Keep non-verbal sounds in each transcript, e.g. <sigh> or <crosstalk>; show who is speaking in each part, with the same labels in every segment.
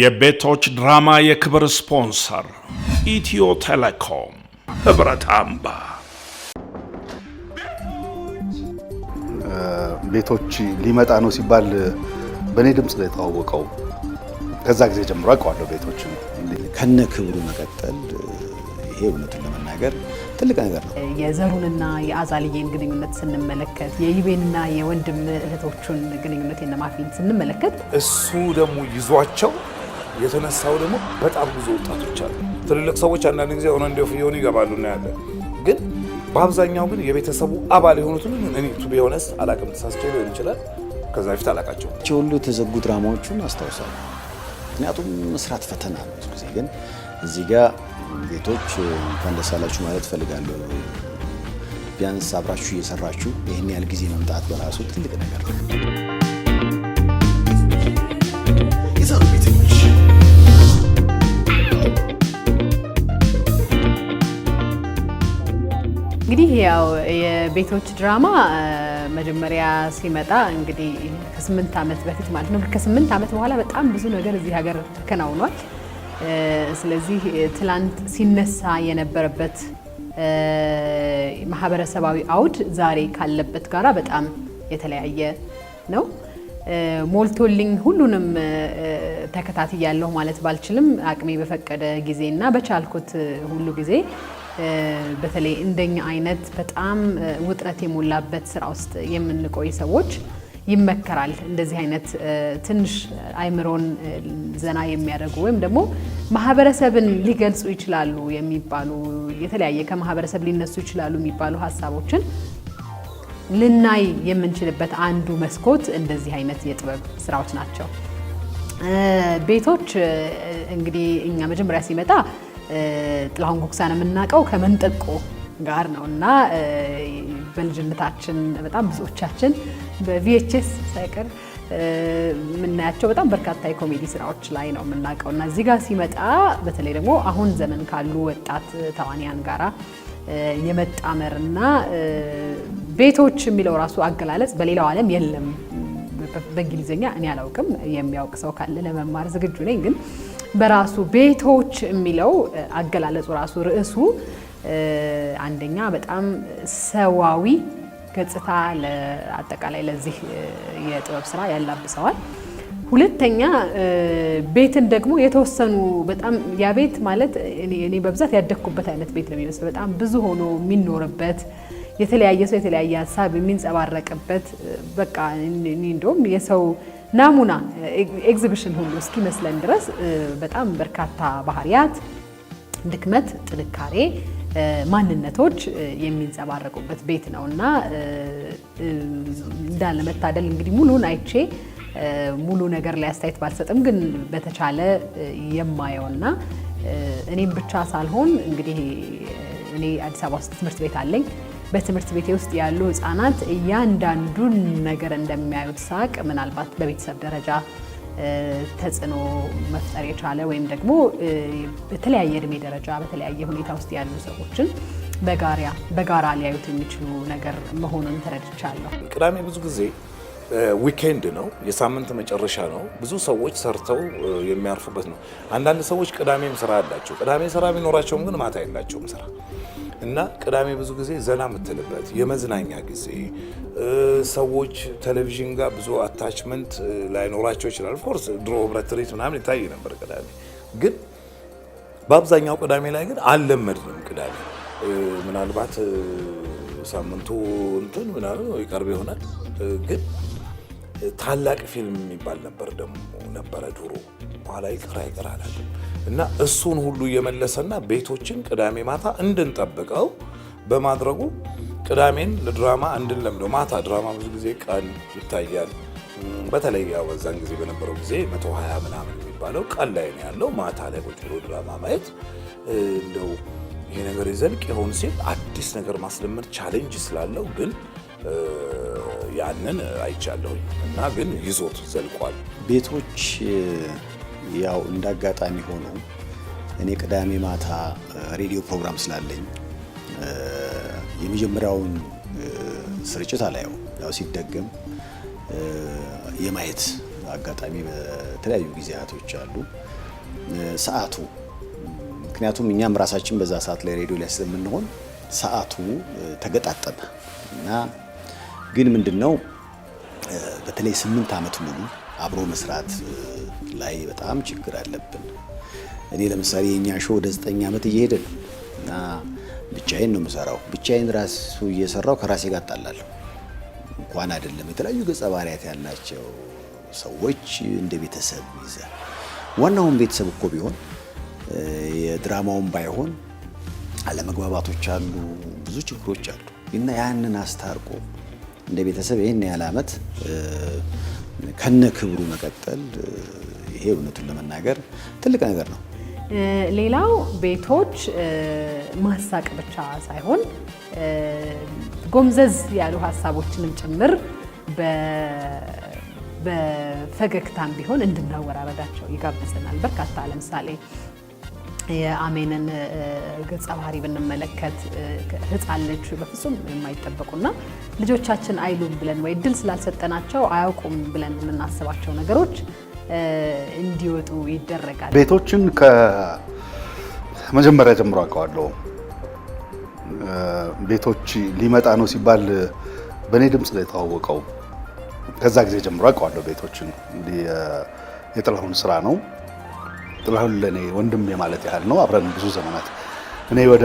Speaker 1: የቤቶች ድራማ የክብር ስፖንሰር ኢትዮ ቴሌኮም ህብረት አምባ።
Speaker 2: ቤቶች ሊመጣ ነው ሲባል በእኔ ድምፅ ነው የተዋወቀው። ከዛ ጊዜ ጀምሮ አውቀዋለሁ ቤቶች
Speaker 3: ከነ ክብሩ መቀጠል። ይሄ እውነቱን ለመናገር ትልቅ ነገር ነው።
Speaker 4: የዘሩንና የአዛልዬን ግንኙነት ስንመለከት የይቤንና የወንድም እህቶቹን ግንኙነት የነማፊን ስንመለከት
Speaker 5: እሱ ደግሞ ይዟቸው የተነሳው ደግሞ በጣም ብዙ ወጣቶች አሉ። ትልልቅ ሰዎች አንዳንድ ጊዜ ሆነ እንዲሁ የሆኑ ይገባሉ እናያለን። ግን በአብዛኛው ግን የቤተሰቡ አባል የሆኑትን እኔ ቱ ቢሆነስ አላቅም ተሳስቼ ሊሆን ይችላል። ከዛ በፊት አላቃቸው
Speaker 3: እቺ ሁሉ የተዘጉ ድራማዎቹን አስታውሳለሁ። ምክንያቱም መስራት ፈተና ነው ጊዜ። ግን እዚህ ጋር ቤቶች እንኳን ደስ አላችሁ ማለት ፈልጋለሁ። ቢያንስ አብራችሁ እየሰራችሁ ይህን ያህል ጊዜ መምጣት በራሱ ትልቅ ነገር ነው።
Speaker 4: እንግዲህ ያው የቤቶች ድራማ መጀመሪያ ሲመጣ እንግዲህ ከስምንት ዓመት በፊት ማለት ነው። ከስምንት ዓመት በኋላ በጣም ብዙ ነገር እዚህ ሀገር ተከናውኗል። ስለዚህ ትላንት ሲነሳ የነበረበት ማህበረሰባዊ አውድ ዛሬ ካለበት ጋራ በጣም የተለያየ ነው። ሞልቶልኝ ሁሉንም ተከታትያለሁ ማለት ባልችልም አቅሜ በፈቀደ ጊዜ እና በቻልኩት ሁሉ ጊዜ በተለይ እንደኛ አይነት በጣም ውጥረት የሞላበት ስራ ውስጥ የምንቆይ ሰዎች ይመከራል እንደዚህ አይነት ትንሽ አይምሮን ዘና የሚያደርጉ ወይም ደግሞ ማህበረሰብን ሊገልጹ ይችላሉ የሚባሉ የተለያየ ከማህበረሰብ ሊነሱ ይችላሉ የሚባሉ ሀሳቦችን ልናይ የምንችልበት አንዱ መስኮት እንደዚህ አይነት የጥበብ ስራዎች ናቸው። ቤቶች እንግዲህ እኛ መጀመሪያ ሲመጣ ጥላሁን ጉግሳን የምናውቀው ከመንጠቆ ጋር ነው እና በልጅነታችን በጣም ብዙዎቻችን በቪኤችኤስ ሳይቀር የምናያቸው በጣም በርካታ የኮሜዲ ስራዎች ላይ ነው የምናውቀው እና እዚህ ጋር ሲመጣ በተለይ ደግሞ አሁን ዘመን ካሉ ወጣት ተዋንያን ጋራ የመጣመር እና ቤቶች የሚለው ራሱ አገላለጽ በሌላው ዓለም የለም። በእንግሊዝኛ እኔ አላውቅም። የሚያውቅ ሰው ካለ ለመማር ዝግጁ ነኝ ግን በራሱ ቤቶች የሚለው አገላለጹ ራሱ ርዕሱ አንደኛ በጣም ሰዋዊ ገጽታ አጠቃላይ ለዚህ የጥበብ ስራ ያላብሰዋል። ሁለተኛ ቤትን ደግሞ የተወሰኑ በጣም ያ ቤት ማለት እኔ በብዛት ያደግኩበት አይነት ቤት ነው የሚመስለው። በጣም ብዙ ሆኖ የሚኖርበት የተለያየ ሰው የተለያየ ሀሳብ የሚንጸባረቅበት በቃ እንደውም የሰው ናሙና ኤግዚቢሽን ሁሉ እስኪመስለን ድረስ በጣም በርካታ ባህሪያት፣ ድክመት፣ ጥንካሬ፣ ማንነቶች የሚንጸባረቁበት ቤት ነው እና መታደል እንግዲህ ሙሉን አይቼ ሙሉ ነገር ላይ አስተያየት ባልሰጥም ግን በተቻለ የማየውና እኔም ብቻ ሳልሆን እንግዲህ እኔ አዲስ አበባ ውስጥ ትምህርት ቤት አለኝ በትምህርት ቤቴ ውስጥ ያሉ ህጻናት እያንዳንዱን ነገር እንደሚያዩት ሳቅ ምናልባት በቤተሰብ ደረጃ ተጽዕኖ መፍጠር የቻለ ወይም ደግሞ በተለያየ እድሜ ደረጃ በተለያየ ሁኔታ ውስጥ ያሉ ሰዎችን በጋራ ሊያዩት የሚችሉ ነገር መሆኑን ተረድቻለሁ።
Speaker 5: ቅዳሜ ብዙ ጊዜ ዊኬንድ ነው፣ የሳምንት መጨረሻ ነው። ብዙ ሰዎች ሰርተው የሚያርፉበት ነው። አንዳንድ ሰዎች ቅዳሜም ስራ አላቸው። ቅዳሜ ስራ ቢኖራቸውም ግን ማታ የላቸውም ስራ እና ቅዳሜ ብዙ ጊዜ ዘና የምትልበት የመዝናኛ ጊዜ። ሰዎች ቴሌቪዥን ጋር ብዙ አታችመንት ላይኖራቸው ይችላል። ኦፍኮርስ ድሮ ህብረት ትርኢት ምናምን ይታይ ነበር ቅዳሜ ግን በአብዛኛው ቅዳሜ ላይ ግን አልለመድንም። ቅዳሜ ምናልባት ሳምንቱ እንትን ምናምን ይቀርብ ይሆናል ግን ታላቅ ፊልም የሚባል ነበር ደግሞ ነበረ ድሮ፣ በኋላ ይቅር ይቅር አላለም እና እሱን ሁሉ እየመለሰና ቤቶችን ቅዳሜ ማታ እንድንጠብቀው በማድረጉ ቅዳሜን ለድራማ እንድንለምደው። ማታ ድራማ ብዙ ጊዜ ቀን ይታያል። በተለይ ያው በዛን ጊዜ በነበረው ጊዜ 120 ምናምን የሚባለው ቀን ላይ ነው ያለው። ማታ ላይ ቁጭ ብሎ ድራማ ማየት እንደው ይሄ ነገር ይዘልቅ ይሆን ሲል አዲስ ነገር ማስለመድ ቻሌንጅ ስላለው ግን ያንን አይቻለሁኝ እና ግን ይዞት ዘልቋል።
Speaker 3: ቤቶች ያው እንዳጋጣሚ ሆኖ እኔ ቅዳሜ ማታ ሬዲዮ ፕሮግራም ስላለኝ የመጀመሪያውን ስርጭት አላየው ያው ሲደገም የማየት አጋጣሚ በተለያዩ ጊዜያቶች አሉ። ሰዓቱ ምክንያቱም እኛም ራሳችን በዛ ሰዓት ላይ ሬዲዮ ላይ ስለምንሆን ሰዓቱ ተገጣጠመ እና ግን ምንድን ነው በተለይ ስምንት ዓመት ሙሉ አብሮ መስራት ላይ በጣም ችግር አለብን። እኔ ለምሳሌ የእኛ ሾ ወደ ዘጠኝ ዓመት እየሄደ ነው እና ብቻዬን ነው የምሰራው። ብቻዬን ራሱ እየሰራው ከራሴ ጋር እጣላለሁ። እንኳን አይደለም የተለያዩ ገጸ ባህሪያት ያላቸው ሰዎች እንደ ቤተሰብ ይዘ ዋናውን ቤተሰብ እኮ ቢሆን የድራማውን ባይሆን አለመግባባቶች አሉ፣ ብዙ ችግሮች አሉ እና ያንን አስታርቆ እንደ ቤተሰብ ይህን ያህል ዓመት ከነ ክብሩ መቀጠል ይሄ እውነቱን ለመናገር ትልቅ ነገር ነው።
Speaker 4: ሌላው ቤቶች ማሳቅ ብቻ ሳይሆን ጎምዘዝ ያሉ ሀሳቦችንም ጭምር በፈገግታም ቢሆን እንድናወራረዳቸው ይጋብዘናል። በርካታ ለምሳሌ የአሜንን ገጸ ባህሪ ብንመለከት ሕፃን ልጅ በፍጹም የማይጠበቁና ልጆቻችን አይሉም ብለን ወይ እድል ስላልሰጠናቸው አያውቁም ብለን የምናስባቸው ነገሮች እንዲወጡ ይደረጋል።
Speaker 5: ቤቶችን ከመጀመሪያ ጀምሮ አውቀዋለሁ። ቤቶች ሊመጣ ነው ሲባል በእኔ ድምፅ ነው የተዋወቀው። ከዛ ጊዜ ጀምሮ አውቀዋለሁ ቤቶችን። የጥላሁን ስራ ነው ጥላሁን ለእኔ ወንድም የማለት ያህል ነው። አብረን ብዙ ዘመናት እኔ ወደ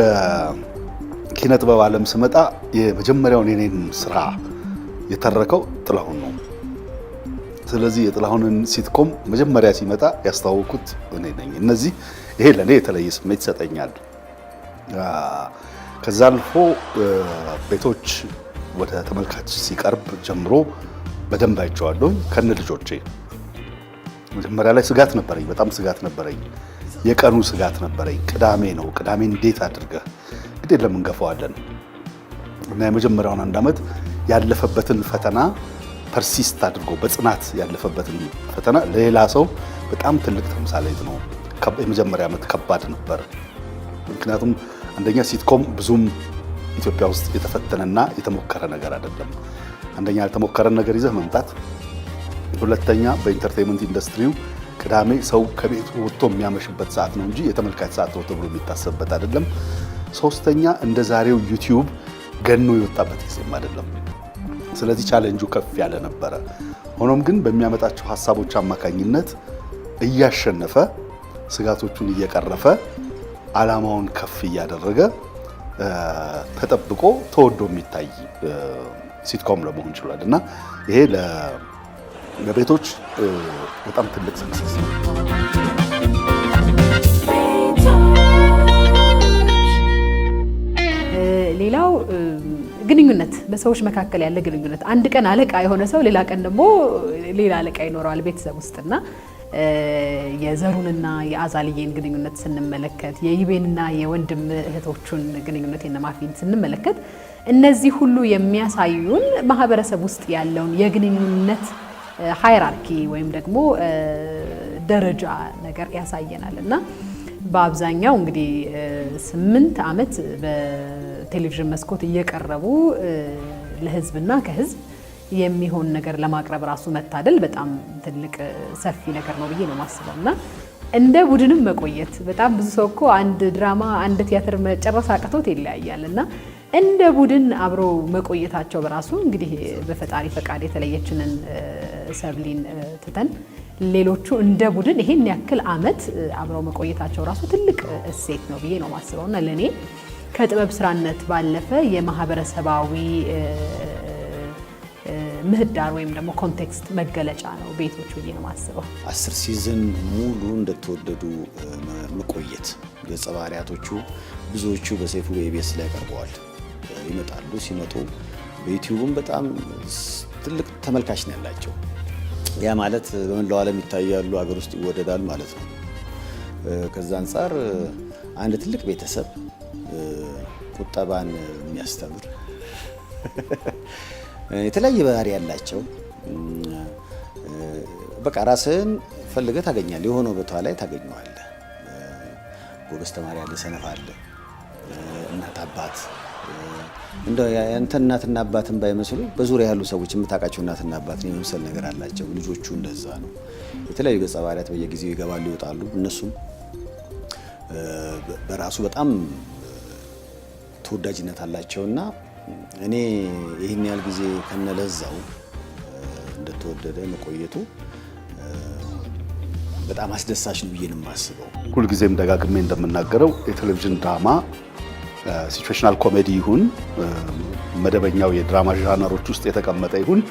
Speaker 5: ኪነ ጥበብ ዓለም ስመጣ የመጀመሪያውን የኔን ስራ የተረከው ጥላሁን ነው። ስለዚህ የጥላሁንን ሲትኮም መጀመሪያ ሲመጣ ያስተዋወቅኩት እኔ ነኝ። እነዚህ ይሄ ለእኔ የተለየ ስሜት ይሰጠኛል። ከዛ አልፎ ቤቶች ወደ ተመልካች ሲቀርብ ጀምሮ በደንብ አይቼዋለሁ ከነ ልጆቼ መጀመሪያ ላይ ስጋት ነበረኝ፣ በጣም ስጋት ነበረኝ። የቀኑ ስጋት ነበረኝ። ቅዳሜ ነው፣ ቅዳሜ እንዴት አድርገህ እንግዲህ ለምንገፋዋለን እና የመጀመሪያውን አንድ ዓመት ያለፈበትን ፈተና ፐርሲስት አድርጎ በጽናት ያለፈበትን ፈተና ለሌላ ሰው በጣም ትልቅ ተምሳሌት ነው። የመጀመሪያ ዓመት ከባድ ነበር። ምክንያቱም አንደኛ ሲትኮም ብዙም ኢትዮጵያ ውስጥ የተፈተነና የተሞከረ ነገር አይደለም። አንደኛ ያልተሞከረን ነገር ይዘህ መምጣት ሁለተኛ በኢንተርቴንመንት ኢንዱስትሪው ቅዳሜ ሰው ከቤት ወጥቶ የሚያመሽበት ሰዓት ነው እንጂ የተመልካች ሰዓት ነው ተብሎ የሚታሰብበት አይደለም። ሶስተኛ እንደ ዛሬው ዩቲዩብ ገኖ የወጣበት ጊዜም አይደለም። ስለዚህ ቻሌንጁ ከፍ ያለ ነበረ። ሆኖም ግን በሚያመጣቸው ሀሳቦች አማካኝነት እያሸነፈ ስጋቶቹን እየቀረፈ አላማውን ከፍ እያደረገ ተጠብቆ ተወዶ የሚታይ ሲትኮም ለመሆን ችሏል እና ይሄ ለቤቶች በጣም ትልቅ ስክሰስ
Speaker 4: ሌላው ግንኙነት በሰዎች መካከል ያለ ግንኙነት አንድ ቀን አለቃ የሆነ ሰው ሌላ ቀን ደግሞ ሌላ አለቃ ይኖረዋል ቤተሰብ ውስጥና የዘሩንና የአዛልዬን ግንኙነት ስንመለከት የይቤንና የወንድም እህቶቹን ግንኙነት የነማፊን ስንመለከት እነዚህ ሁሉ የሚያሳዩን ማህበረሰብ ውስጥ ያለውን የግንኙነት ሃይራርኪ ወይም ደግሞ ደረጃ ነገር ያሳየናል እና በአብዛኛው እንግዲህ ስምንት ዓመት በቴሌቪዥን መስኮት እየቀረቡ ለህዝብና ከህዝብ የሚሆን ነገር ለማቅረብ ራሱ መታደል በጣም ትልቅ ሰፊ ነገር ነው ብዬ ነው የማስበው እና እንደ ቡድንም መቆየት በጣም ብዙ ሰው እኮ አንድ ድራማ አንድ ቲያትር መጨረስ አቅቶት ይለያያል እና እንደ ቡድን አብሮ መቆየታቸው በራሱ እንግዲህ በፈጣሪ ፈቃድ የተለየችንን ሰብሊን ትተን ሌሎቹ እንደ ቡድን ይሄን ያክል አመት አብረው መቆየታቸው ራሱ ትልቅ እሴት ነው ብዬ ነው ማስበው እና ለእኔ ከጥበብ ስራነት ባለፈ የማህበረሰባዊ ምህዳር ወይም ደግሞ ኮንቴክስት መገለጫ ነው ቤቶቹ ብዬ ነው ማስበው።
Speaker 3: አስር ሲዝን ሙሉ እንደተወደዱ መቆየት ገጸ ባህሪያቶቹ ብዙዎቹ በሰይፉ በኢቢኤስ ላይ ቀርበዋል። ይመጣሉ። ሲመጡ በዩቲዩብም በጣም ትልቅ ተመልካች ነው ያላቸው። ያ ማለት በመላው ዓለም ይታያሉ፣ ሀገር ውስጥ ይወደዳል ማለት ነው። ከዛ አንጻር አንድ ትልቅ ቤተሰብ ቁጠባን የሚያስተምር የተለያየ ባህሪ ያላቸው በቃ ራስህን ፈልገህ ታገኛለህ። የሆነ ቦታ ላይ ታገኘዋለህ። ጎበዝ ተማሪ አለ፣ ሰነፍ አለ፣ እናት አባት እንደ ያንተ እናትና አባትን ባይመስሉ በዙሪያ ያሉ ሰዎች የምታውቃቸው እናትና አባት ነው የመምሰል ነገር አላቸው። ልጆቹ እንደዛ ነው። የተለያዩ ገጸ ባህሪያት በየጊዜው ይገባሉ ይወጣሉ። እነሱም በራሱ በጣም ተወዳጅነት አላቸው እና እኔ ይህን ያህል ጊዜ ከነለዛው እንደተወደደ መቆየቱ በጣም አስደሳች ነው ብዬ ነው የማስበው።
Speaker 5: ሁልጊዜም ደጋግሜ እንደምናገረው የቴሌቪዥን ድራማ ሲትዌሽናል ኮሜዲ ይሁን መደበኛው የድራማ ዣነሮች ውስጥ የተቀመጠ ይሁን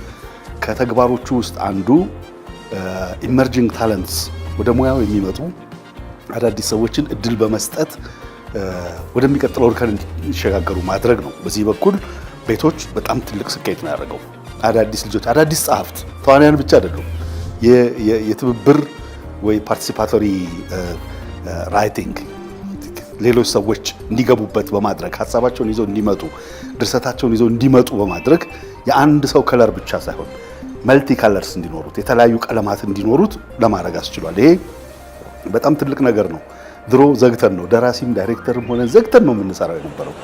Speaker 5: ከተግባሮቹ ውስጥ አንዱ ኢመርጂንግ ታለንትስ ወደ ሙያው የሚመጡ አዳዲስ ሰዎችን እድል በመስጠት ወደሚቀጥለው እርከን እንዲሸጋገሩ ማድረግ ነው። በዚህ በኩል ቤቶች በጣም ትልቅ ስኬት ነው ያደረገው። አዳዲስ ልጆች፣ አዳዲስ ጸሐፍት፣ ተዋንያን ብቻ አይደሉም። የትብብር ወይ ፓርቲሲፓቶሪ ራይቲንግ ሌሎች ሰዎች እንዲገቡበት በማድረግ ሀሳባቸውን ይዘው እንዲመጡ ድርሰታቸውን ይዘው እንዲመጡ በማድረግ የአንድ ሰው ከለር ብቻ ሳይሆን መልቲ ከለርስ እንዲኖሩት የተለያዩ ቀለማት እንዲኖሩት ለማድረግ አስችሏል። ይሄ በጣም ትልቅ ነገር ነው። ድሮ ዘግተን ነው ደራሲም ዳይሬክተርም ሆነ ዘግተን ነው የምንሰራው የነበረው።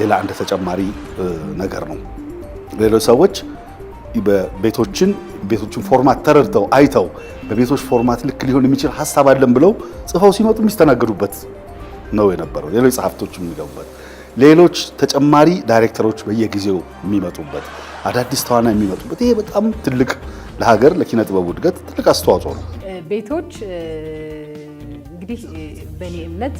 Speaker 5: ሌላ አንድ ተጨማሪ ነገር ነው። ሌሎች ሰዎች ቤቶችን ቤቶችን ፎርማት ተረድተው አይተው በቤቶች ፎርማት ልክ ሊሆን የሚችል ሀሳብ አለን ብለው ጽፈው ሲመጡ የሚስተናገዱበት ነው የነበረው። ሌሎች ጸሐፍቶች የሚገቡበት፣ ሌሎች ተጨማሪ ዳይሬክተሮች በየጊዜው የሚመጡበት፣ አዳዲስ ተዋና የሚመጡበት፣ ይሄ በጣም ትልቅ ለሀገር ለኪነ ጥበቡ እድገት ትልቅ አስተዋጽኦ ነው።
Speaker 4: ቤቶች እንግዲህ በእኔ እምነት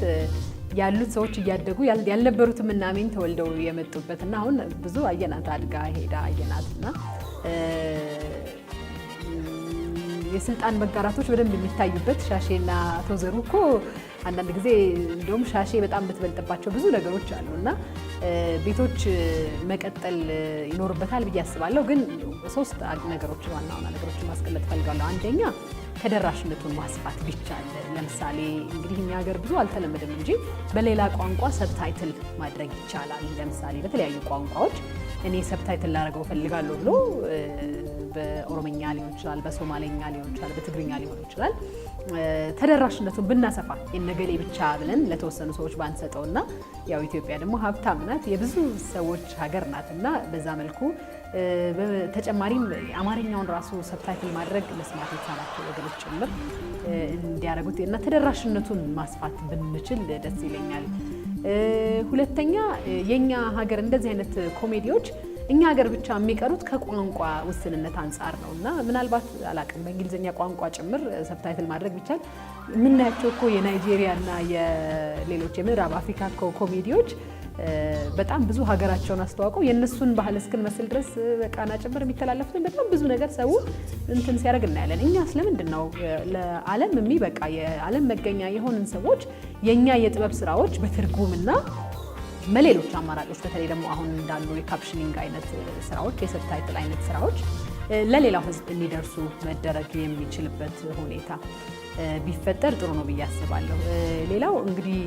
Speaker 4: ያሉት ሰዎች እያደጉ ያልነበሩት ምናምን ተወልደው የመጡበት እና አሁን ብዙ አየናት አድጋ ሄዳ አየናት እና የስልጣን መጋራቶች በደንብ የሚታዩበት ሻሼና ቶዘሩ እኮ አንዳንድ ጊዜ እንደውም ሻሼ በጣም የምትበልጥባቸው ብዙ ነገሮች አሉ እና ቤቶች መቀጠል ይኖርበታል ብዬ አስባለሁ። ግን ሶስት ነገሮች ዋና ዋና ማስቀመጥ ፈልጋለሁ። አንደኛ ተደራሽነቱን ማስፋት ቢቻል፣ ለምሳሌ እንግዲህ እኛ ሀገር ብዙ አልተለመደም እንጂ በሌላ ቋንቋ ሰብታይትል ማድረግ ይቻላል። ለምሳሌ በተለያዩ ቋንቋዎች እኔ ሰብታይትል ላደርገው ፈልጋለሁ ብሎ በኦሮምኛ ሊሆን ይችላል፣ በሶማሌኛ ሊሆን ይችላል፣ በትግርኛ ሊሆን ይችላል ተደራሽነቱን ብናሰፋ የነገሌ ብቻ ብለን ለተወሰኑ ሰዎች ባንሰጠውና ያው ኢትዮጵያ ደግሞ ሀብታም ናት፣ የብዙ ሰዎች ሀገር ናት እና በዛ መልኩ ተጨማሪም አማርኛውን ራሱ ሰብታይትል ማድረግ መስማት የተሳናቸው ወገኖች ጭምር እንዲያደርጉት እና ተደራሽነቱን ማስፋት ብንችል ደስ ይለኛል። ሁለተኛ የኛ ሀገር እንደዚህ አይነት ኮሜዲዎች እኛ ሀገር ብቻ የሚቀሩት ከቋንቋ ውስንነት አንጻር ነው እና ምናልባት አላቅም በእንግሊዝኛ ቋንቋ ጭምር ሰብታይትል ማድረግ ቢቻል የምናያቸው እኮ የናይጄሪያና የሌሎች የምዕራብ አፍሪካ ኮሜዲዎች በጣም ብዙ ሀገራቸውን አስተዋውቀው የእነሱን ባህል መስል ድረስ በቃና ጭምር የሚተላለፉትን በጣም ብዙ ነገር ሰው እንትን ሲያደርግ እናያለን። እኛ ስለምንድን ነው ለዓለም የሚበቃ የዓለም መገኛ የሆንን ሰዎች የእኛ የጥበብ ስራዎች በትርጉምና በሌሎች አማራጮች በተለይ ደግሞ አሁን እንዳሉ የካፕሽኒንግ አይነት ስራዎች፣ የሰብታይትል አይነት ስራዎች ለሌላው ህዝብ እንዲደርሱ መደረግ የሚችልበት ሁኔታ ቢፈጠር ጥሩ ነው ብዬ አስባለሁ። ሌላው እንግዲህ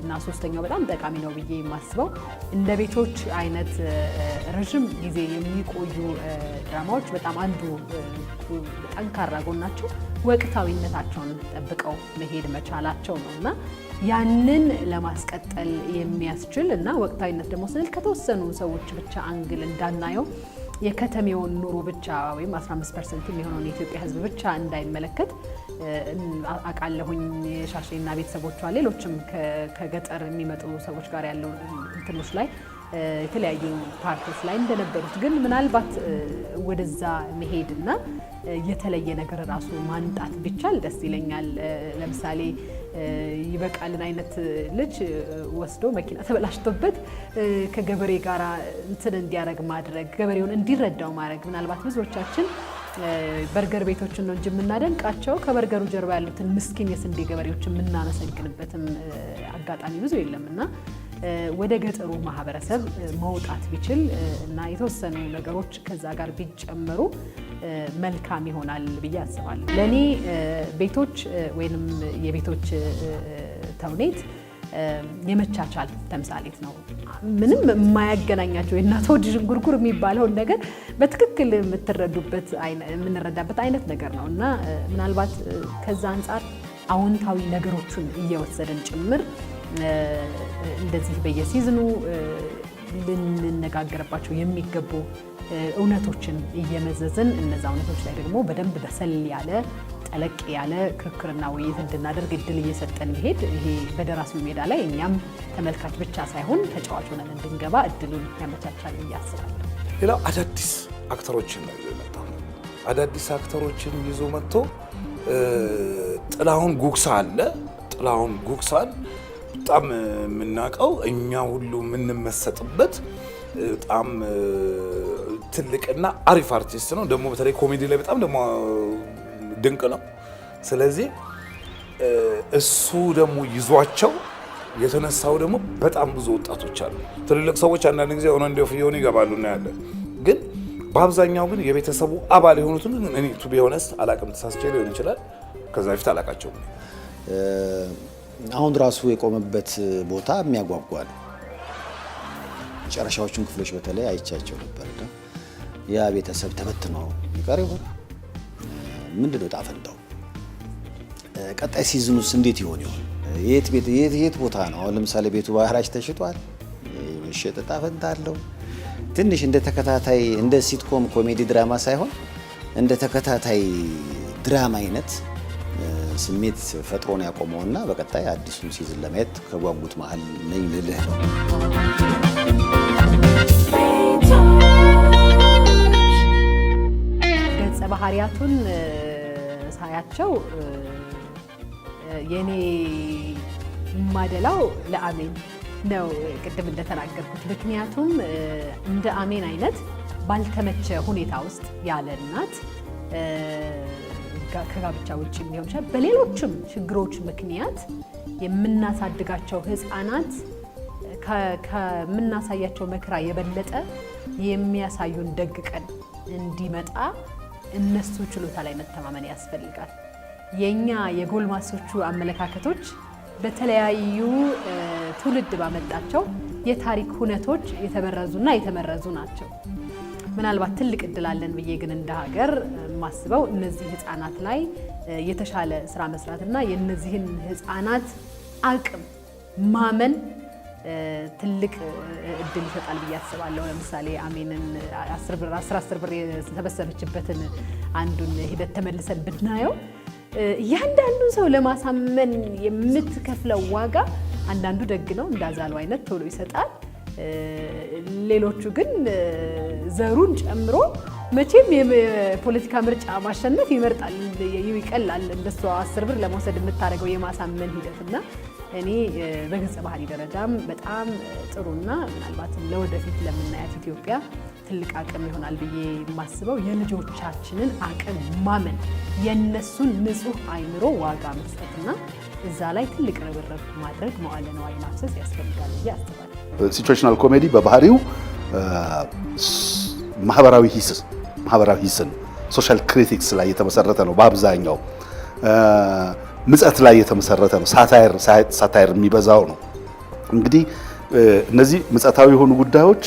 Speaker 4: እና ሶስተኛው በጣም ጠቃሚ ነው ብዬ የማስበው እንደ ቤቶች አይነት ረዥም ጊዜ የሚቆዩ ድራማዎች በጣም አንዱ ጠንካራ ጎናቸው ወቅታዊነታቸውን ጠብቀው መሄድ መቻላቸው ነው እና ያንን ለማስቀጠል የሚያስችል እና ወቅታዊነት ደግሞ ስንል ከተወሰኑ ሰዎች ብቻ አንግል እንዳናየው የከተሜውን ኑሮ ብቻ ወይም 15 ፐርሰንት የሚሆነውን የኢትዮጵያ ሕዝብ ብቻ እንዳይመለከት አቃለሁኝ። ሻሼና ቤተሰቦቿ ሌሎችም ከገጠር የሚመጡ ሰዎች ጋር ያለው እንትኖች ላይ የተለያዩ ፓርቲዎች ላይ እንደነበሩት ግን ምናልባት ወደዛ መሄድና የተለየ ነገር ራሱ ማንጣት ቢቻል ደስ ይለኛል። ለምሳሌ ይበቃልን አይነት ልጅ ወስዶ መኪና ተበላሽቶበት ከገበሬ ጋር እንትን እንዲያደርግ ማድረግ ገበሬውን እንዲረዳው ማድረግ ምናልባት ብዙዎቻችን በርገር ቤቶችን ነው እንጂ የምናደንቃቸው ከበርገሩ ጀርባ ያሉትን ምስኪን የስንዴ ገበሬዎች የምናመሰግንበትም አጋጣሚ ብዙ የለም እና ወደ ገጠሩ ማህበረሰብ መውጣት ቢችል እና የተወሰኑ ነገሮች ከዛ ጋር ቢጨመሩ መልካም ይሆናል ብዬ አስባለሁ። ለእኔ ቤቶች ወይንም የቤቶች ተውኔት የመቻቻል ተምሳሌት ነው። ምንም የማያገናኛቸው የእናት ዥንጉርጉር የሚባለውን ነገር በትክክል የምትረዱበት የምንረዳበት አይነት ነገር ነው እና ምናልባት ከዛ አንጻር አዎንታዊ ነገሮቹን እየወሰደን ጭምር እንደዚህ በየሲዝኑ ልንነጋገርባቸው የሚገቡ እውነቶችን እየመዘዝን እነዚ እውነቶች ላይ ደግሞ በደንብ በሰል ያለ ጠለቅ ያለ ክርክርና ውይይት እንድናደርግ እድል እየሰጠን ሄድ ይሄ በደራሲው ሜዳ ላይ እኛም ተመልካች ብቻ ሳይሆን ተጫዋች ሆነን እንድንገባ እድሉን ያመቻቻል ብዬ
Speaker 5: ሌላው አዳዲስ አክተሮችን ነው ይዞ የመጣው። አዳዲስ አክተሮችን ይዞ መጥቶ ጥላሁን ጉግሳ አለ። ጥላሁን ጉግሳን በጣም የምናውቀው እኛ ሁሉ የምንመሰጥበት በጣም ትልቅና አሪፍ አርቲስት ነው። ደግሞ በተለይ ኮሜዲ ላይ በጣም ደግሞ ድንቅ ነው። ስለዚህ እሱ ደግሞ ይዟቸው የተነሳው ደግሞ በጣም ብዙ ወጣቶች አሉ። ትልልቅ ሰዎች አንዳንድ ጊዜ ሆነ እንዲሁ እየሆኑ ይገባሉ እናያለን። ግን በአብዛኛው ግን የቤተሰቡ አባል የሆኑትን እኔ ቱ ቢሆነስ አላቅም፣ ተሳስቼ ሊሆን ይችላል። ከዛ በፊት አላቃቸውም።
Speaker 3: አሁን ራሱ የቆመበት ቦታ የሚያጓጓ ነው። መጨረሻዎቹን ክፍሎች በተለይ አይቻቸው ነበርና ያ ቤተሰብ ተበትኖ ይቀር ይሆን? ምንድን ነው ዕጣ ቀጣይ ሲዝኑስ እንዴት ይሆን ይሆን? የት ቦታ ነው? አሁን ለምሳሌ ቤቱ ባህራች ተሽጧል። የመሸጥ ዕጣ አለው? ትንሽ እንደ ተከታታይ እንደ ሲትኮም ኮሜዲ ድራማ ሳይሆን እንደ ተከታታይ ድራማ አይነት ስሜት ፈጥሮን ያቆመውና በቀጣይ አዲሱን ሲዝን ለማየት ከጓጉት መሀል ነኝ ልልህ ነው።
Speaker 4: ገጸ ባህሪያቱን ሳያቸው የኔ የማደላው ለአሜን ነው ቅድም እንደተናገርኩት። ምክንያቱም እንደ አሜን አይነት ባልተመቸ ሁኔታ ውስጥ ያለ እናት ከጋብቻ ውጭ ሊሆን ይችላል። በሌሎችም ችግሮች ምክንያት የምናሳድጋቸው ህፃናት ከምናሳያቸው መከራ የበለጠ የሚያሳዩን ደግ ቀን እንዲመጣ እነሱ ችሎታ ላይ መተማመን ያስፈልጋል። የኛ የጎልማሶቹ አመለካከቶች በተለያዩ ትውልድ ባመጣቸው የታሪክ ሁነቶች የተበረዙና የተመረዙ ናቸው። ምናልባት ትልቅ እድል አለን ብዬ ግን እንደ ሀገር የማስበው እነዚህ ህፃናት ላይ የተሻለ ስራ መስራትና የእነዚህን ህፃናት አቅም ማመን ትልቅ እድል ይሰጣል ብዬ አስባለሁ። ለምሳሌ አሜንን አስር አስር ብር የተበሰረችበትን አንዱን ሂደት ተመልሰን ብናየው እያንዳንዱን ሰው ለማሳመን የምትከፍለው ዋጋ አንዳንዱ ደግ ነው እንዳዛሉ አይነት ቶሎ ይሰጣል። ሌሎቹ ግን ዘሩን ጨምሮ መቼም የፖለቲካ ምርጫ ማሸነፍ ይመርጣል ይቀላል። እንደሷ አስር ብር ለመውሰድ የምታደርገው የማሳመን ሂደት እና እኔ በገጸ ባህሪ ደረጃም በጣም ጥሩና ምናልባትም ለወደፊት ለምናያት ኢትዮጵያ ትልቅ አቅም ይሆናል ብዬ የማስበው የልጆቻችንን አቅም ማመን፣ የነሱን ንጹህ አይምሮ ዋጋ መስጠትና እዛ ላይ ትልቅ ርብርብ ማድረግ መዋለ ነዋይ ማፍሰስ ያስፈልጋል ብዬ አስባለሁ።
Speaker 5: ሲትዌሽናል ኮሜዲ በባህሪው ማህበራዊ ሂስ ማህበራዊ ሂስን ሶሻል ክሪቲክስ ላይ የተመሰረተ ነው በአብዛኛው ምጸት ላይ የተመሰረተ ነው። ሳታይር ሳታይር የሚበዛው ነው። እንግዲህ እነዚህ ምጸታዊ የሆኑ ጉዳዮች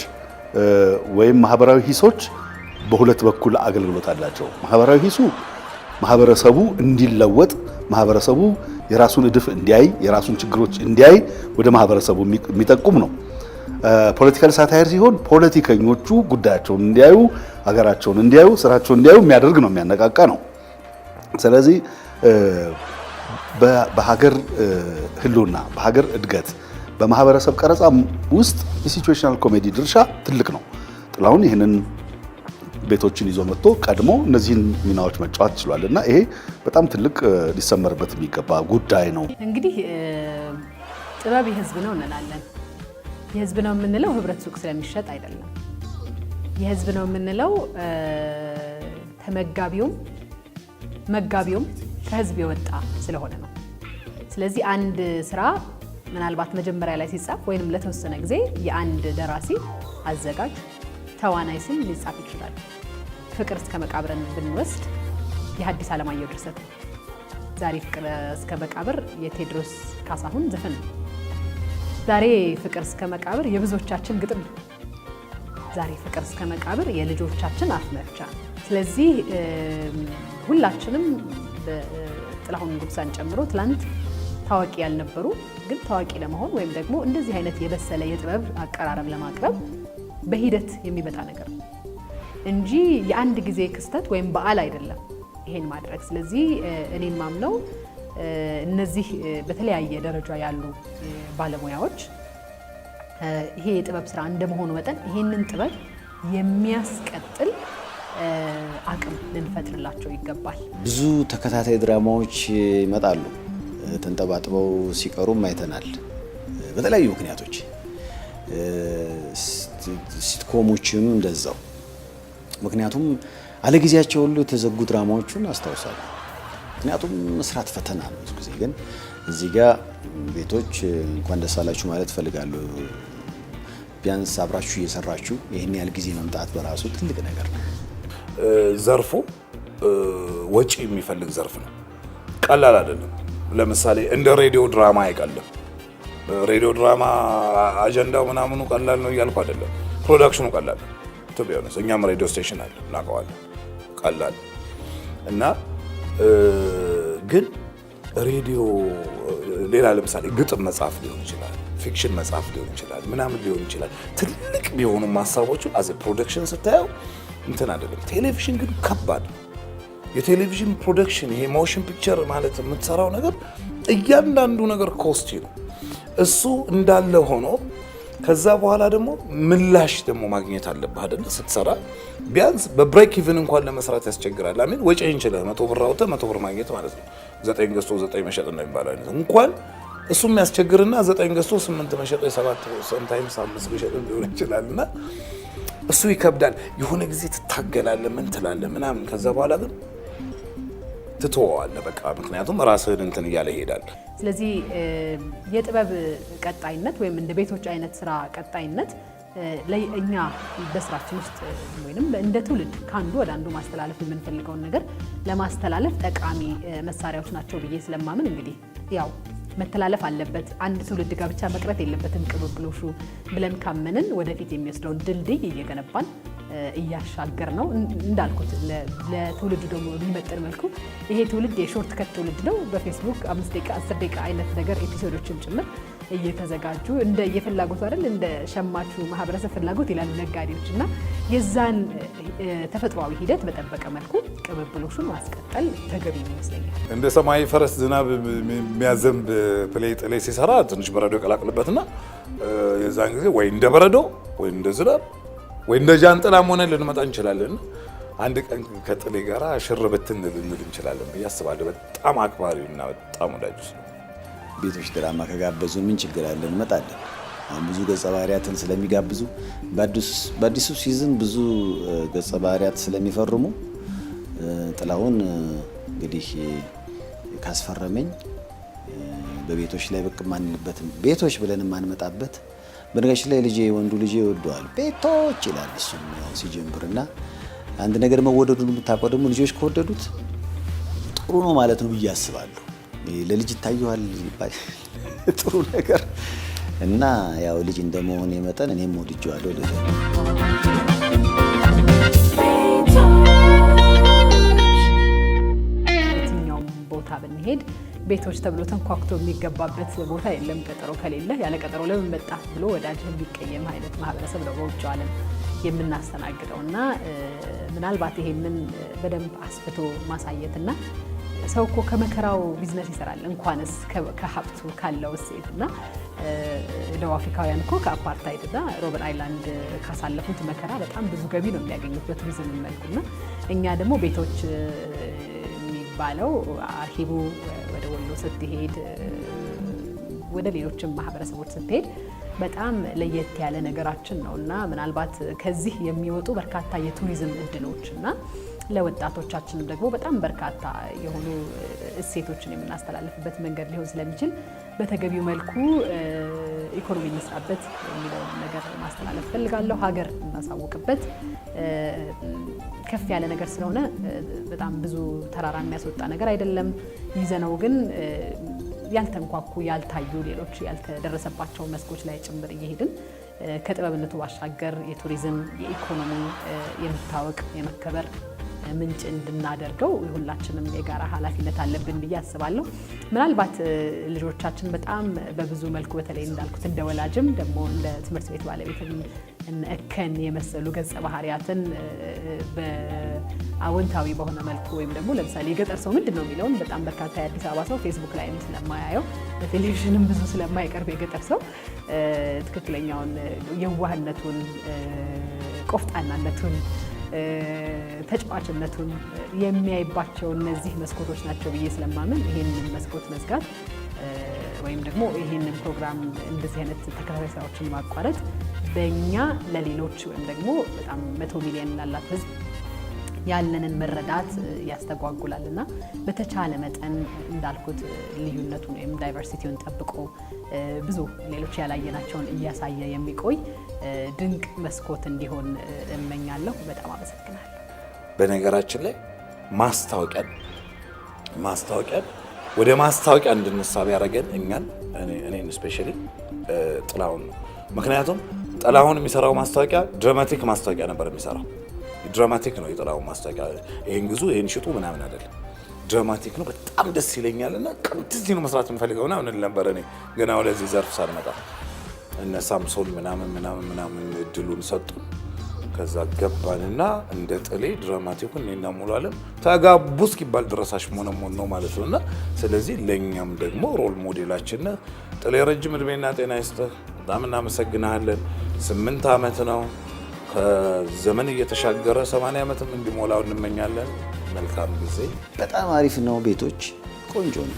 Speaker 5: ወይም ማህበራዊ ሂሶች በሁለት በኩል አገልግሎት አላቸው። ማህበራዊ ሂሱ ማህበረሰቡ እንዲለወጥ ማህበረሰቡ የራሱን እድፍ እንዲያይ የራሱን ችግሮች እንዲያይ ወደ ማህበረሰቡ የሚጠቁም ነው። ፖለቲካል ሳታየር ሲሆን ፖለቲከኞቹ ጉዳያቸውን እንዲያዩ፣ ሀገራቸውን እንዲያዩ፣ ስራቸውን እንዲያዩ የሚያደርግ ነው፣ የሚያነቃቃ ነው። ስለዚህ በሀገር ህልውና፣ በሀገር እድገት፣ በማህበረሰብ ቀረጻ ውስጥ የሲቹዌሽናል ኮሜዲ ድርሻ ትልቅ ነው። ጥላሁን ይህንን ቤቶችን ይዞ መጥቶ ቀድሞ እነዚህን ሚናዎች መጫወት ችሏል እና ይሄ በጣም ትልቅ ሊሰመርበት የሚገባ ጉዳይ ነው።
Speaker 4: እንግዲህ ጥበብ የህዝብ ነው እንላለን። የህዝብ ነው የምንለው ህብረት ሱቅ ስለሚሸጥ አይደለም። የህዝብ ነው የምንለው ተመጋቢውም መጋቢውም ከህዝብ የወጣ ስለሆነ ነው። ስለዚህ አንድ ስራ ምናልባት መጀመሪያ ላይ ሲጻፍ ወይንም ለተወሰነ ጊዜ የአንድ ደራሲ አዘጋጅ ተዋናይ ስም ሊጻፍ ይችላል። ፍቅር እስከ መቃብርን ብንወስድ የሐዲስ ዓለማየሁ ድርሰት ዛሬ ፍቅር እስከ መቃብር የቴዎድሮስ ካሳሁን ዘፈን ነው። ዛሬ ፍቅር እስከ መቃብር የብዙዎቻችን ግጥም ነው። ዛሬ ፍቅር እስከ መቃብር የልጆቻችን አፍ መፍቻ። ስለዚህ ሁላችንም ጥላሁን ጉብሳን ጨምሮ ትላንት ታዋቂ ያልነበሩ ግን ታዋቂ ለመሆን ወይም ደግሞ እንደዚህ አይነት የበሰለ የጥበብ አቀራረብ ለማቅረብ በሂደት የሚመጣ ነገር ነው እንጂ የአንድ ጊዜ ክስተት ወይም በዓል አይደለም ይሄን ማድረግ። ስለዚህ እኔም ማምነው እነዚህ በተለያየ ደረጃ ያሉ ባለሙያዎች ይሄ የጥበብ ስራ እንደመሆኑ መጠን ይሄንን ጥበብ የሚያስቀጥል አቅም ልንፈጥርላቸው ይገባል።
Speaker 3: ብዙ ተከታታይ ድራማዎች ይመጣሉ፣ ተንጠባጥበው ሲቀሩም አይተናል። በተለያዩ ምክንያቶች ሲትኮሞችም እንደዛው። ምክንያቱም አለጊዜያቸው ሁሉ የተዘጉ ድራማዎቹን አስታውሳሉ። ምክንያቱም መስራት ፈተና ነው። ብዙ ጊዜ ግን እዚህ ጋር ቤቶች እንኳን ደስ አላችሁ ማለት እፈልጋለሁ። ቢያንስ አብራችሁ እየሰራችሁ ይህን ያህል ጊዜ መምጣት በራሱ ትልቅ ነገር ነው።
Speaker 5: ዘርፉ ወጪ የሚፈልግ ዘርፍ ነው። ቀላል አይደለም። ለምሳሌ እንደ ሬዲዮ ድራማ አይቀልም። ሬዲዮ ድራማ አጀንዳው ምናምኑ ቀላል ነው እያልኩ አይደለም። ፕሮዳክሽኑ ቀላል ነው። ቢ ሆነስ እኛም ሬዲዮ ስቴሽን አለ እናውቀዋለን። ቀላል እና ግን ሬዲዮ ሌላ ለምሳሌ ግጥም መጽሐፍ ሊሆን ይችላል፣ ፊክሽን መጽሐፍ ሊሆን ይችላል፣ ምናምን ሊሆን ይችላል። ትልቅ ቢሆኑም ሀሳቦቹ አዘ ፕሮዳክሽን ስታየው እንትን አይደለም። ቴሌቪዥን ግን ከባድ የቴሌቪዥን ፕሮዳክሽን ይሄ ሞሽን ፒክቸር ማለት የምትሰራው ነገር እያንዳንዱ ነገር ኮስቲ ነው። እሱ እንዳለ ሆኖ ከዛ በኋላ ደግሞ ምላሽ ደግሞ ማግኘት አለብህ አይደል? ስትሰራ ቢያንስ በብሬክ ኢቭን እንኳን ለመስራት ያስቸግራል። አሚን ወጪ እንችላል። መቶ ብር አውተ መቶ ብር ማግኘት ማለት ነው። ዘጠኝ ገዝቶ ዘጠኝ መሸጥ ነው የሚባለው አይነት እንኳን እሱ የሚያስቸግርና ዘጠኝ ገዝቶ ስምንት መሸጥ የሰባት ሰምታይምስ አምስት መሸጥ ሊሆን ይችላል እና እሱ ይከብዳል። የሆነ ጊዜ ትታገላለህ፣ ምን ትላለህ ምናምን። ከዛ በኋላ ግን ትተወዋለህ በቃ ምክንያቱም ራስህን እንትን እያለ ይሄዳል።
Speaker 4: ስለዚህ የጥበብ ቀጣይነት ወይም እንደ ቤቶች አይነት ስራ ቀጣይነት እኛ በስራችን ውስጥ ወይም እንደ ትውልድ ከአንዱ ወደ አንዱ ማስተላለፍ የምንፈልገውን ነገር ለማስተላለፍ ጠቃሚ መሳሪያዎች ናቸው ብዬ ስለማምን እንግዲህ ያው መተላለፍ አለበት። አንድ ትውልድ ጋር ብቻ መቅረት የለበትም ቅብብሎሹ ብለን ካመንን ወደፊት የሚወስደውን ድልድይ እየገነባን እያሻገር ነው። እንዳልኩት ለትውልዱ ደግሞ የሚመጥን መልኩ ይሄ ትውልድ የሾርት ከት ትውልድ ነው። በፌስቡክ አምስት ደቂቃ አስር ደቂቃ አይነት ነገር ኤፒሶዶችን ጭምር እየተዘጋጁ እንደ የፍላጎቱ አይደል እንደ ሸማቹ ማህበረሰብ ፍላጎት ይላሉ ነጋዴዎች እና የዛን ተፈጥሯዊ ሂደት በጠበቀ መልኩ ቅብብሎሹን ማስቀጠል ተገቢ ይመስለኛል።
Speaker 5: እንደ ሰማይ ፈረስ ዝናብ የሚያዘንብ ፕሌይ ጥሌ ሲሰራ ትንሽ በረዶ ይቀላቅልበትና የዛን ጊዜ ወይ እንደ በረዶ ወይ እንደ ዝናብ ወይ እንደ ጃንጥላም ሆነ ልንመጣ እንችላለን። አንድ ቀን ከጥሌ ጋር ብትን ልንል እንችላለን ብዬ አስባለሁ። በጣም አክባሪና በጣም ወዳጅ
Speaker 3: ቤቶች ድራማ ከጋበዙ ምን ችግር አለ? እንመጣለን። አሁን ብዙ ገጸ ባህሪያትን ስለሚጋብዙ በአዲሱ ሲዝን ብዙ ገጸ ባህሪያት ስለሚፈርሙ ጥላሁን እንግዲህ ካስፈረመኝ በቤቶች ላይ ብቅ ማንልበትም ቤቶች ብለን ማንመጣበት በነገች ላይ ልጄ ወንዱ ልጄ ይወደዋል ቤቶች ይላል። እሱም ሲጀምር እና አንድ ነገር መወደዱን የምታውቀው ደግሞ ልጆች ከወደዱት ጥሩ ነው ማለት ነው ብዬ አስባለሁ። ለልጅ ይታየዋል ይባል <laughs> ጥሩ ነገር እና ያው ልጅ እንደመሆን የመጠን እኔም ወድጄዋለሁ። ልጅ
Speaker 4: ብንሄድ ቤቶች ተብሎ ተንኳክቶ የሚገባበት ቦታ የለም። ቀጠሮ ከሌለ ያለ ቀጠሮ ለምን መጣ ብሎ ወዳጅ የሚቀየም አይነት ማህበረሰብ ነው በውጭ ዓለም የምናስተናግደው እና ምናልባት ይሄንን በደንብ አስፍቶ ማሳየትና ሰው እኮ ከመከራው ቢዝነስ ይሰራል እንኳንስ ከሀብቱ ካለው እሴት እና ደቡብ አፍሪካውያን እኮ ከአፓርታይድ እና ሮበን አይላንድ ካሳለፉት መከራ በጣም ብዙ ገቢ ነው የሚያገኙት በቱሪዝም መልኩ እና እኛ ደግሞ ቤቶች የሚባለው አርሂቡ ወደ ወሎ ስትሄድ ወደ ሌሎችም ማህበረሰቦች ስትሄድ በጣም ለየት ያለ ነገራችን ነው እና ምናልባት ከዚህ የሚወጡ በርካታ የቱሪዝም እድሎች እና ለወጣቶቻችንም ደግሞ በጣም በርካታ የሆኑ እሴቶችን የምናስተላልፍበት መንገድ ሊሆን ስለሚችል በተገቢው መልኩ ኢኮኖሚ እንስራበት የሚለውን ነገር ማስተላለፍ ፈልጋለሁ። ሀገር እናሳውቅበት ከፍ ያለ ነገር ስለሆነ በጣም ብዙ ተራራ የሚያስወጣ ነገር አይደለም። ይዘነው ግን ያልተንኳኩ ያልታዩ ሌሎች ያልተደረሰባቸው መስኮች ላይ ጭምር እየሄድን ከጥበብነቱ ባሻገር የቱሪዝም፣ የኢኮኖሚ የመታወቅ፣ የመከበር ምንጭ እንድናደርገው የሁላችንም የጋራ ኃላፊነት አለብን ብዬ አስባለሁ። ምናልባት ልጆቻችን በጣም በብዙ መልኩ በተለይ እንዳልኩት እንደ ወላጅም ደግሞ እንደ ትምህርት ቤት ባለቤትም እከን የመሰሉ ገጸ ባህሪያትን በአዎንታዊ በሆነ መልኩ ወይም ደግሞ ለምሳሌ የገጠር ሰው ምንድን ነው የሚለውን በጣም በርካታ የአዲስ አበባ ሰው ፌስቡክ ላይም ስለማያየው በቴሌቪዥንም ብዙ ስለማይቀርብ የገጠር ሰው ትክክለኛውን የዋህነቱን ቆፍጣናነቱን ተጫዋችነቱን የሚያይባቸው እነዚህ መስኮቶች ናቸው ብዬ ስለማምን ይህንን መስኮት መዝጋት ወይም ደግሞ ይህንን ፕሮግራም እንደዚህ አይነት ተከታታይ ስራዎችን ማቋረጥ በእኛ ለሌሎች ወይም ደግሞ በጣም መቶ ሚሊዮን ላላት ህዝብ ያለንን መረዳት ያስተጓጉላል እና በተቻለ መጠን እንዳልኩት ልዩነቱን ወይም ዳይቨርሲቲውን ጠብቆ ብዙ ሌሎች ያላየናቸውን እያሳየ የሚቆይ ድንቅ መስኮት እንዲሆን እመኛለሁ። በጣም አመሰግናለሁ።
Speaker 5: በነገራችን ላይ ማስታወቂያ ማስታወቂያ ወደ ማስታወቂያ እንድንሳብ ያደረገን እኛን እኔን ስፔሻሊ ጥላሁን ነው። ምክንያቱም ጥላሁን የሚሰራው ማስታወቂያ ድራማቲክ ማስታወቂያ ነበር የሚሰራው ድራማቲክ ነው የጥራው ማስታወቂያ። ይሄን ግዙ ይሄን ሽጡ ምናምን አይደለም፣ ድራማቲክ ነው። በጣም ደስ ይለኛል እና እዚህ ነው መስራት የምፈልገው ምናምን እል ነበር እኔ ገና ወደዚህ ዘርፍ ሳልመጣ እነ ሳምሶን ምናምን ምናምን ምናምን እድሉን ሰጡን። ከዛ ገባንና እንደ ጥሌ ድራማቲኩን እኔና ሙሉ አለም ተጋቡ እስኪባል ድረስ አሽሞነሞን ነው ማለት ነው። እና ስለዚህ ለእኛም ደግሞ ሮል ሞዴላችን ጥሌ ረጅም እድሜና ጤና ይስጥህ። በጣም እናመሰግናለን። ስምንት ዓመት ነው ከዘመን እየተሻገረ 80 ዓመትም እንዲሞላው እንመኛለን። መልካም ጊዜ።
Speaker 3: በጣም አሪፍ ነው። ቤቶች ቆንጆ ነው።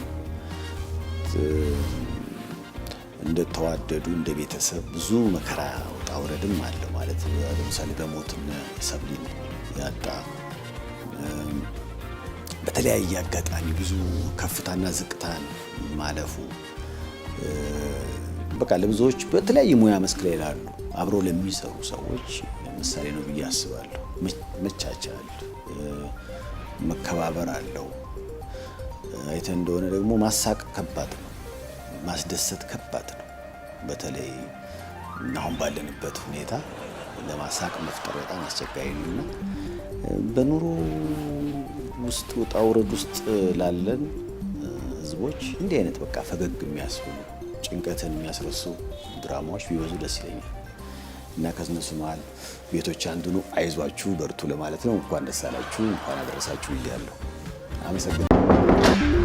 Speaker 3: እንደተዋደዱ እንደ ቤተሰብ ብዙ መከራ ውጣ ውረድም አለ ማለት ለምሳሌ በሞትም ሰብሊን ያጣ በተለያየ አጋጣሚ ብዙ ከፍታና ዝቅታን ማለፉ በቃ ለብዙዎች በተለያየ ሙያ መስክ ላይ ላሉ አብሮ ለሚሰሩ ሰዎች ምሳሌ ነው ብዬ አስባለሁ። መቻቻል፣ መከባበር አለው። አይተ እንደሆነ ደግሞ ማሳቅ ከባድ ነው፣ ማስደሰት ከባድ ነው። በተለይ አሁን ባለንበት ሁኔታ ለማሳቅ መፍጠር በጣም አስቸጋሪ ነውና በኑሮ ውስጥ ውጣ ውረድ ውስጥ ላለን ህዝቦች እንዲህ አይነት በቃ ፈገግ የሚያስብሉ ጭንቀትን የሚያስረሱ ድራማዎች ቢበዙ ደስ ይለኛል። እና ከእነሱ መሀል ቤቶች አንዱኑ አይዟችሁ በርቱ ለማለት ነው። እንኳን ደስ አላችሁ፣ እንኳን አደረሳችሁ እያለሁ አመሰግናለሁ።